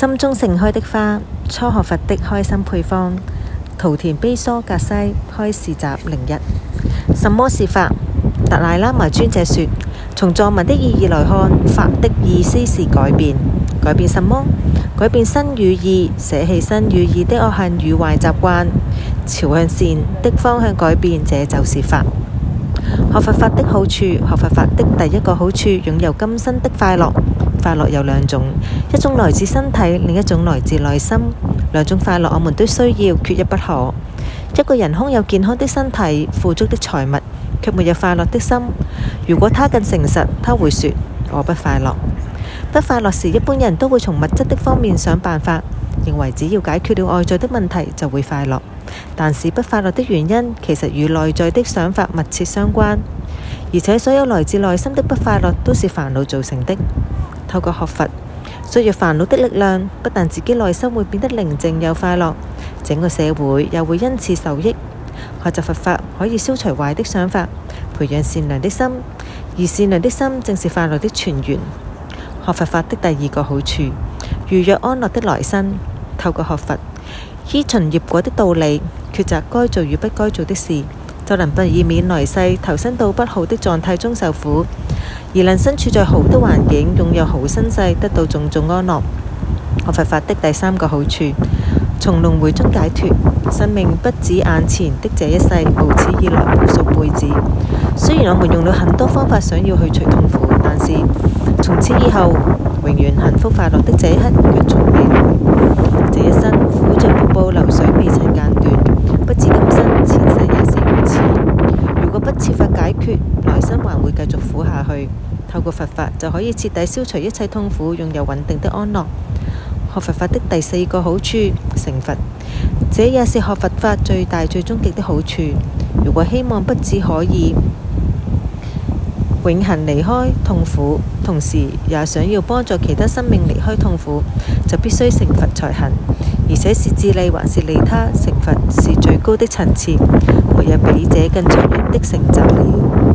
心中盛開的花，初學佛的開心配方。圖田悲疏格西開示集零一：什麼是法？達賴喇嘛尊者說，從藏文的意義來看，法的意思是改變。改變什麼？改變心與意，捨棄心與意的惡行與壞習慣，朝向善的方向改變，這就是法。學佛法的好處，學佛法的第一個好處，擁有今生的快樂。快樂有兩種，一種來自身體，另一種來自內心。兩種快樂，我們都需要，缺一不可。一個人空有健康的身體、富足的財物，卻沒有快樂的心。如果他更誠實，他會說我不快樂。不快樂時，一般人都會從物質的方面想辦法，認為只要解決了外在的問題就會快樂。但是不快樂的原因其實與內在的想法密切相關，而且所有來自內心的不快樂都是煩惱造成的。透過學佛，削弱煩惱的力量，不但自己內心會變得寧靜又快樂，整個社會又會因此受益。學習佛法可以消除壞的想法，培養善良的心，而善良的心正是快樂的泉源。學佛法的第二個好處，如若安樂的來生。透過學佛，依循業果的道理，抉擇該做與不該做的事。就能避免來世投身到不好的狀態中受苦，而能身處在好的環境，擁有好身世，得到種種安樂。學佛法的第三個好處，從輪回中解脱，生命不止眼前的這一世，無始以來無數輩子。雖然我們用了很多方法想要去除痛苦，但是從此以後，永遠幸福快樂的這一刻卻從未，這一生苦盡不保留。身還會繼續苦下去。透過佛法就可以徹底消除一切痛苦，擁有穩定的安樂。學佛法的第四個好處，成佛，這也是學佛法最大、最終極的好處。如果希望不只可以永恒離開痛苦，同時也想要幫助其他生命離開痛苦，就必須成佛才行。而且是自利還是利他，成佛是最高的層次，沒有比這更卓越的成就了。